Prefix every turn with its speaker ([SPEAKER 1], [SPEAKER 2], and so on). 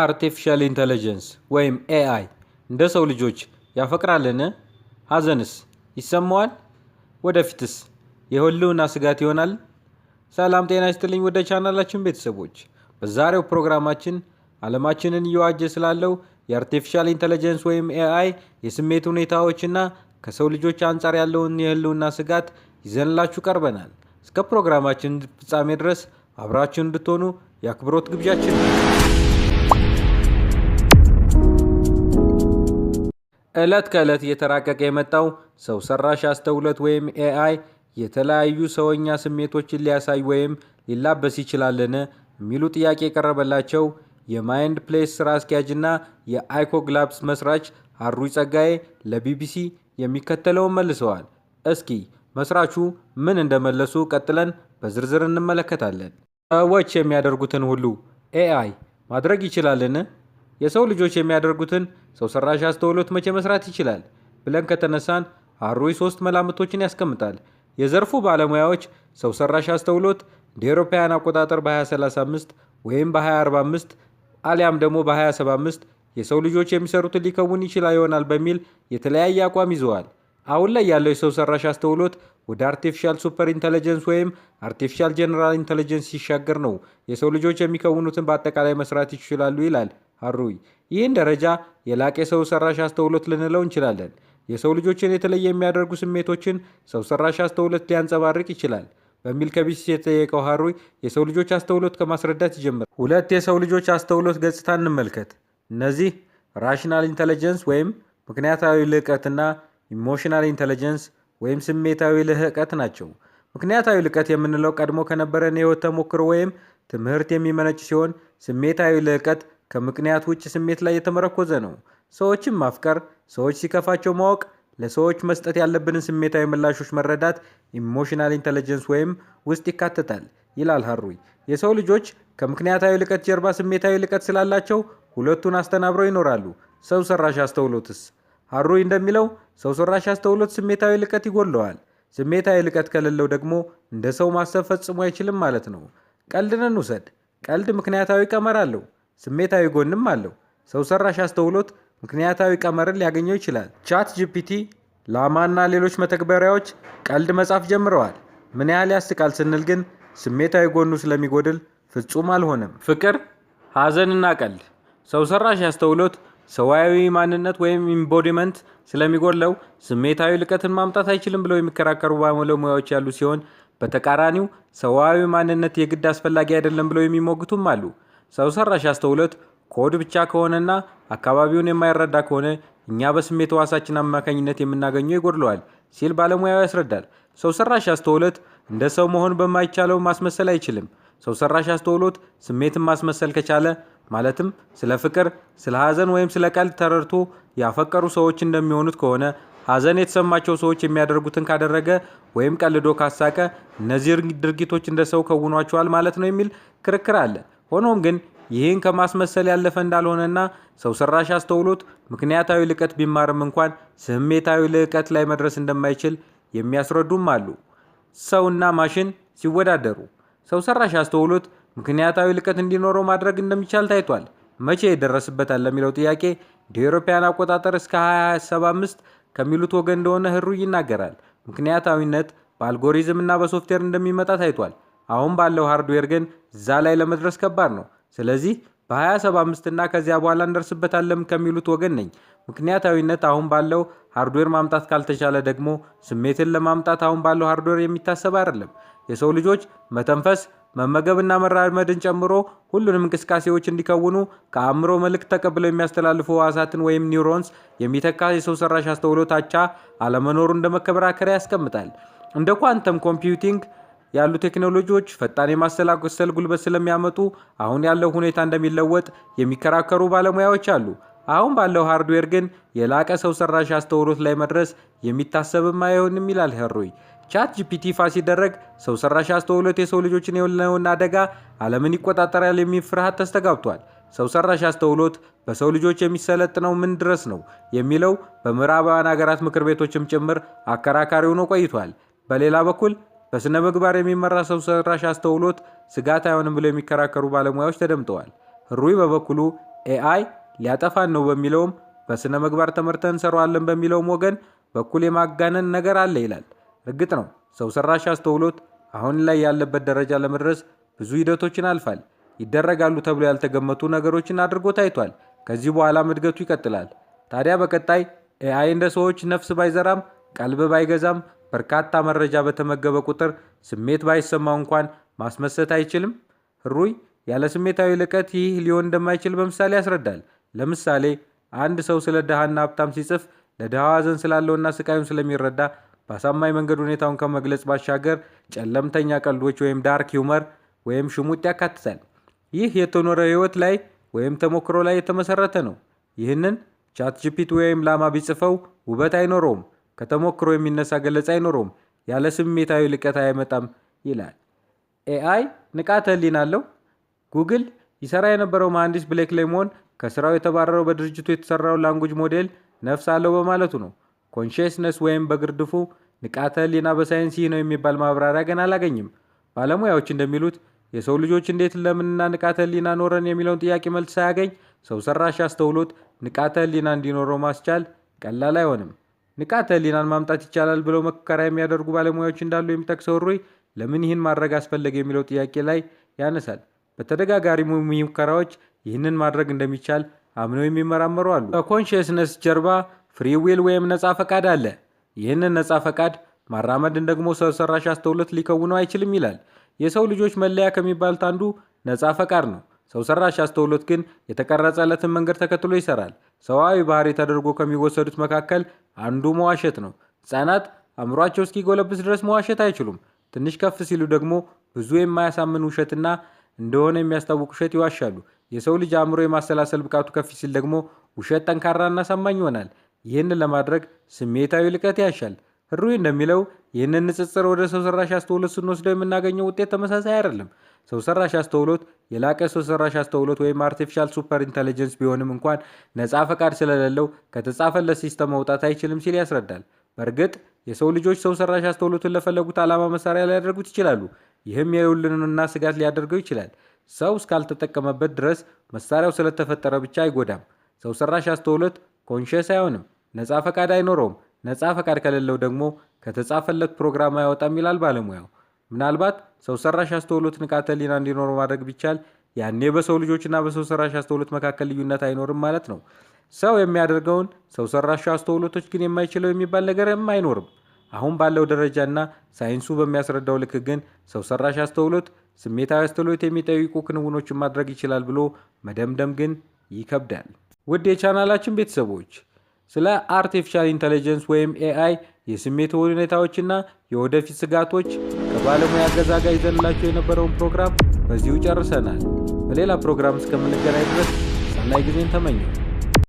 [SPEAKER 1] አርቲፊሻል ኢንተለጀንስ ወይም ኤአይ እንደ ሰው ልጆች ያፈቅራልን? ሐዘንስ ይሰማዋል? ወደፊትስ የህልውና ስጋት ይሆናል? ሰላም ጤና ይስጥልኝ ወደ ቻናላችን ቤተሰቦች፣ በዛሬው ፕሮግራማችን ዓለማችንን እየዋጀ ስላለው የአርቲፊሻል ኢንተለጀንስ ወይም ኤአይ የስሜት ሁኔታዎችና ከሰው ልጆች አንጻር ያለውን የህልውና ስጋት ይዘንላችሁ ቀርበናል። እስከ ፕሮግራማችን ፍጻሜ ድረስ አብራችን እንድትሆኑ የአክብሮት ግብዣችን ነው። ዕለት ከዕለት እየተራቀቀ የመጣው ሰው ሰራሽ አስተውሎት ወይም ኤአይ የተለያዩ ሰወኛ ስሜቶችን ሊያሳይ ወይም ሊላበስ ይችላልን የሚሉ ጥያቄ የቀረበላቸው የማይንድ ፕሌስ ስራ አስኪያጅና የአይኮግላብስ መስራች አሩይ ጸጋዬ ለቢቢሲ የሚከተለውን መልሰዋል። እስኪ መስራቹ ምን እንደመለሱ ቀጥለን በዝርዝር እንመለከታለን። ሰዎች የሚያደርጉትን ሁሉ ኤአይ ማድረግ ይችላልን? የሰው ልጆች የሚያደርጉትን ሰው ሰራሽ አስተውሎት መቼ መስራት ይችላል ብለን ከተነሳን አሩይ ሶስት መላምቶችን ያስቀምጣል። የዘርፉ ባለሙያዎች ሰው ሰራሽ አስተውሎት እንደ ኤሮፓውያን አቆጣጠር በ2035 ወይም በ2045 አሊያም ደግሞ በ2075 የሰው ልጆች የሚሰሩትን ሊከውን ይችላል ይሆናል በሚል የተለያየ አቋም ይዘዋል። አሁን ላይ ያለው የሰው ሰራሽ አስተውሎት ወደ አርቲፊሻል ሱፐር ኢንቴሊጀንስ ወይም አርቲፊሻል ጀነራል ኢንቴሊጀንስ ሲሻገር ነው የሰው ልጆች የሚከውኑትን በአጠቃላይ መስራት ይችላሉ ይላል። ሀሩይ ይህን ደረጃ የላቀ ሰው ሰራሽ አስተውሎት ልንለው እንችላለን። የሰው ልጆችን የተለየ የሚያደርጉ ስሜቶችን ሰው ሰራሽ አስተውሎት ሊያንጸባርቅ ይችላል በሚል ከቢስ የተጠየቀው ሀሩይ የሰው ልጆች አስተውሎት ከማስረዳት ይጀምራል። ሁለት የሰው ልጆች አስተውሎት ገጽታ እንመልከት። እነዚህ ራሽናል ኢንተለጀንስ ወይም ምክንያታዊ ልዕቀትና ኢሞሽናል ኢንተለጀንስ ወይም ስሜታዊ ልህቀት ናቸው። ምክንያታዊ ልዕቀት የምንለው ቀድሞ ከነበረን የህይወት ተሞክሮ ወይም ትምህርት የሚመነጭ ሲሆን ስሜታዊ ልዕቀት ከምክንያት ውጭ ስሜት ላይ የተመረኮዘ ነው። ሰዎችን ማፍቀር፣ ሰዎች ሲከፋቸው ማወቅ፣ ለሰዎች መስጠት ያለብንን ስሜታዊ ምላሾች መረዳት ኢሞሽናል ኢንተለጀንስ ወይም ውስጥ ይካተታል ይላል ሀሩይ። የሰው ልጆች ከምክንያታዊ ልቀት ጀርባ ስሜታዊ ልቀት ስላላቸው ሁለቱን አስተናብረው ይኖራሉ። ሰው ሰራሽ አስተውሎትስ? ሀሩይ እንደሚለው ሰው ሰራሽ አስተውሎት ስሜታዊ ልቀት ይጎለዋል። ስሜታዊ ልቀት ከሌለው ደግሞ እንደ ሰው ማሰብ ፈጽሞ አይችልም ማለት ነው። ቀልድን እንውሰድ። ቀልድ ምክንያታዊ ቀመር አለው። ስሜታዊ ጎንም አለው። ሰው ሰራሽ አስተውሎት ምክንያታዊ ቀመርን ሊያገኘው ይችላል። ቻት ጂፒቲ፣ እና ሌሎች መተግበሪያዎች ቀልድ መጻፍ ጀምረዋል። ምን ያህል ያስቃል ስንል ግን ስሜታዊ ጎኑ ስለሚጎድል ፍጹም አልሆነም።
[SPEAKER 2] ፍቅር፣ እና ቀልድ ሰው ሰራሽ አስተውሎት ሰዋዊ ማንነት ወይም ኢምቦዲመንት ስለሚጎድለው ስሜታዊ ልቀትን ማምጣት አይችልም ብለው የሚከራከሩ ባለሙያዎች ያሉ ሲሆን በተቃራኒው ሰዋዊ ማንነት የግድ አስፈላጊ አይደለም ብለው የሚሞግቱም አሉ። ሰው ሰራሽ አስተውሎት ኮድ ብቻ ከሆነና አካባቢውን የማይረዳ ከሆነ እኛ በስሜት ሕዋሳችን አማካኝነት የምናገኘው ይጎድለዋል ሲል ባለሙያው ያስረዳል። ሰው ሰራሽ አስተውሎት እንደ ሰው መሆን በማይቻለው ማስመሰል አይችልም። ሰው ሰራሽ አስተውሎት ስሜትን ማስመሰል ከቻለ ማለትም ስለ ፍቅር፣ ስለ ሐዘን ወይም ስለ ቀልድ ተረድቶ ያፈቀሩ ሰዎች እንደሚሆኑት ከሆነ ሐዘን የተሰማቸው ሰዎች የሚያደርጉትን ካደረገ ወይም ቀልዶ ካሳቀ እነዚህ ድርጊቶች እንደ ሰው ከውኗቸዋል ማለት ነው የሚል ክርክር አለ። ሆኖም ግን ይህን ከማስመሰል ያለፈ እንዳልሆነና ሰው ሰራሽ አስተውሎት ምክንያታዊ ልቀት ቢማርም እንኳን ስሜታዊ ልቀት ላይ መድረስ እንደማይችል የሚያስረዱም አሉ። ሰውና ማሽን ሲወዳደሩ ሰው ሰራሽ አስተውሎት ምክንያታዊ ልቀት እንዲኖረው ማድረግ እንደሚቻል ታይቷል። መቼ ይደረስበታል ለሚለው ጥያቄ እንደ አውሮፓውያን አቆጣጠር እስከ 2075 ከሚሉት ወገን እንደሆነ ህሩይ ይናገራል። ምክንያታዊነት በአልጎሪዝምና በሶፍትዌር እንደሚመጣ ታይቷል። አሁን ባለው ሃርድዌር ግን እዛ ላይ ለመድረስ ከባድ ነው። ስለዚህ በ2075 እና ከዚያ በኋላ እንደርስበታለን ከሚሉት ወገን ነኝ። ምክንያታዊነት አሁን ባለው ሃርድዌር ማምጣት ካልተቻለ ደግሞ ስሜትን ለማምጣት አሁን ባለው ሃርድዌር የሚታሰብ አይደለም። የሰው ልጆች መተንፈስ፣ መመገብና መራመድን ጨምሮ ሁሉንም እንቅስቃሴዎች እንዲከውኑ ከአእምሮ መልእክት ተቀብለው የሚያስተላልፉ ሕዋሳትን ወይም ኒውሮንስ የሚተካ የሰው ሰራሽ አስተውሎታቻ አለመኖሩ እንደ መከራከሪያ ያስቀምጣል። እንደ ኳንተም ኮምፒውቲንግ ያሉ ቴክኖሎጂዎች ፈጣን የማሰላሰል ጉልበት ስለሚያመጡ አሁን ያለው ሁኔታ እንደሚለወጥ የሚከራከሩ ባለሙያዎች አሉ። አሁን ባለው ሃርድዌር ግን የላቀ ሰው ሰራሽ አስተውሎት ላይ መድረስ የሚታሰብም አይሆንም ይላል ሄሮይ። ቻት ጂፒቲ ይፋ ሲደረግ ሰው ሰራሽ አስተውሎት የሰው ልጆችን የሆነውን አደጋ ዓለምን ይቆጣጠራል የሚል ፍርሃት ተስተጋብቷል። ሰው ሰራሽ አስተውሎት በሰው ልጆች የሚሰለጥነው ምን ድረስ ነው የሚለው በምዕራባውያን ሀገራት ምክር ቤቶችም ጭምር አከራካሪ ሆኖ ቆይቷል። በሌላ በኩል በስነ ምግባር የሚመራ ሰው ሰራሽ አስተውሎት ስጋት አይሆንም ብለው የሚከራከሩ ባለሙያዎች ተደምጠዋል። ሩይ በበኩሉ ኤአይ ሊያጠፋን ነው በሚለውም በስነ ምግባር ተመርተን እንሰራዋለን በሚለውም ወገን በኩል የማጋነን ነገር አለ ይላል። እርግጥ ነው ሰው ሰራሽ አስተውሎት አሁን ላይ ያለበት ደረጃ ለመድረስ ብዙ ሂደቶችን አልፋል። ይደረጋሉ ተብሎ ያልተገመቱ ነገሮችን አድርጎ ታይቷል። ከዚህ በኋላም እድገቱ ይቀጥላል። ታዲያ በቀጣይ ኤአይ እንደ ሰዎች ነፍስ ባይዘራም ቀልብ ባይገዛም በርካታ መረጃ በተመገበ ቁጥር ስሜት ባይሰማው እንኳን ማስመሰት አይችልም? ህሩይ ያለ ስሜታዊ ልቀት ይህ ሊሆን እንደማይችል በምሳሌ ያስረዳል። ለምሳሌ አንድ ሰው ስለ ድሃና ሀብታም ሲጽፍ ለድሃ ሐዘን ስላለውና ስቃዩን ስለሚረዳ በአሳማኝ መንገድ ሁኔታውን ከመግለጽ ባሻገር ጨለምተኛ ቀልዶች ወይም ዳርክ ሂውመር ወይም ሽሙጥ ያካትታል። ይህ የተኖረ ህይወት ላይ ወይም ተሞክሮ ላይ የተመሰረተ ነው። ይህንን ቻት ወይም ላማ ቢጽፈው ውበት አይኖረውም። ከተሞክሮ የሚነሳ ገለጻ አይኖረውም፣ ያለ ስሜታዊ ልቀት አይመጣም ይላል። ኤአይ ንቃተ ህሊና አለው። ጉግል ይሰራ የነበረው መሐንዲስ ብሌክ ሌሞን ከስራው የተባረረው በድርጅቱ የተሰራው ላንጉጅ ሞዴል ነፍስ አለው በማለቱ ነው። ኮንሽስነስ ወይም በግርድፉ ንቃተ ህሊና በሳይንስ ይህ ነው የሚባል ማብራሪያ ግን አላገኝም። ባለሙያዎች እንደሚሉት የሰው ልጆች እንዴት ለምንና ንቃተ ህሊና ኖረን የሚለውን ጥያቄ መልስ ሳያገኝ ሰው ሰራሽ አስተውሎት ንቃተ ህሊና እንዲኖረው ማስቻል ቀላል አይሆንም። ንቃተ ህሊናን ማምጣት ይቻላል ብለው መከራ የሚያደርጉ ባለሙያዎች እንዳሉ የሚጠቅሰው ሩይ ለምን ይህን ማድረግ አስፈለገ የሚለው ጥያቄ ላይ ያነሳል። በተደጋጋሪ ሙከራዎች ይህንን ማድረግ እንደሚቻል አምነው የሚመራመሩ አሉ። ከኮንሽየስነስ ጀርባ ፍሪ ዊል ወይም ነፃ ፈቃድ አለ። ይህንን ነፃ ፈቃድ ማራመድን ደግሞ ሰው ሰራሽ አስተውሎት ሊከውነው አይችልም ይላል። የሰው ልጆች መለያ ከሚባሉት አንዱ ነፃ ፈቃድ ነው። ሰው ሰራሽ አስተውሎት ግን የተቀረጸለትን መንገድ ተከትሎ ይሰራል። ሰዋዊ ባህሪ ተደርጎ ከሚወሰዱት መካከል አንዱ መዋሸት ነው። ህጻናት አእምሯቸው እስኪጎለብስ ድረስ መዋሸት አይችሉም። ትንሽ ከፍ ሲሉ ደግሞ ብዙ የማያሳምን ውሸትና እንደሆነ የሚያስታውቅ ውሸት ይዋሻሉ። የሰው ልጅ አእምሮ የማሰላሰል ብቃቱ ከፍ ሲል ደግሞ ውሸት ጠንካራና አሳማኝ ይሆናል። ይህንን ለማድረግ ስሜታዊ ልቀት ያሻል። ህሩይ እንደሚለው ይህንን ንጽጽር ወደ ሰው ሰራሽ አስተውሎት ስንወስደው የምናገኘው ውጤት ተመሳሳይ አይደለም። ሰው ሰራሽ አስተውሎት የላቀ ሰው ሰራሽ አስተውሎት ወይም አርቲፊሻል ሱፐር ኢንተለጀንስ ቢሆንም እንኳን ነፃ ፈቃድ ስለሌለው ከተጻፈለት ሲስተም መውጣት አይችልም ሲል ያስረዳል። በእርግጥ የሰው ልጆች ሰው ሰራሽ አስተውሎትን ለፈለጉት ዓላማ መሳሪያ ሊያደርጉት ይችላሉ። ይህም የውልንና ስጋት ሊያደርገው ይችላል። ሰው እስካልተጠቀመበት ድረስ መሳሪያው ስለተፈጠረ ብቻ አይጎዳም። ሰው ሰራሽ አስተውሎት ኮንሽስ አይሆንም፣ ነፃ ፈቃድ አይኖረውም። ነፃ ፈቃድ ከሌለው ደግሞ ከተጻፈለት ፕሮግራም አይወጣም ይላል ባለሙያው። ምናልባት ሰው ሰራሽ አስተውሎት ንቃተ ህሊና እንዲኖር ማድረግ ቢቻል ያኔ በሰው ልጆችና በሰው ሰራሽ አስተውሎት መካከል ልዩነት አይኖርም ማለት ነው። ሰው የሚያደርገውን ሰው ሰራሽ አስተውሎቶች ግን የማይችለው የሚባል ነገርም አይኖርም። አሁን ባለው ደረጃና ሳይንሱ በሚያስረዳው ልክ ግን ሰው ሰራሽ አስተውሎት ስሜታዊ አስተውሎት የሚጠይቁ ክንውኖችን ማድረግ ይችላል ብሎ መደምደም ግን ይከብዳል።
[SPEAKER 1] ውድ የቻናላችን ቤተሰቦች ስለ አርቲፊሻል ኢንቴሊጀንስ ወይም ኤአይ የስሜት ሁኔታዎችና የወደፊት ስጋቶች ከባለሙያ እገዛ ጋር ይዘንላቸው የነበረውን ፕሮግራም በዚሁ ጨርሰናል። በሌላ ፕሮግራም እስከምንገናኝ ድረስ ሰናይ ጊዜን ተመኘው።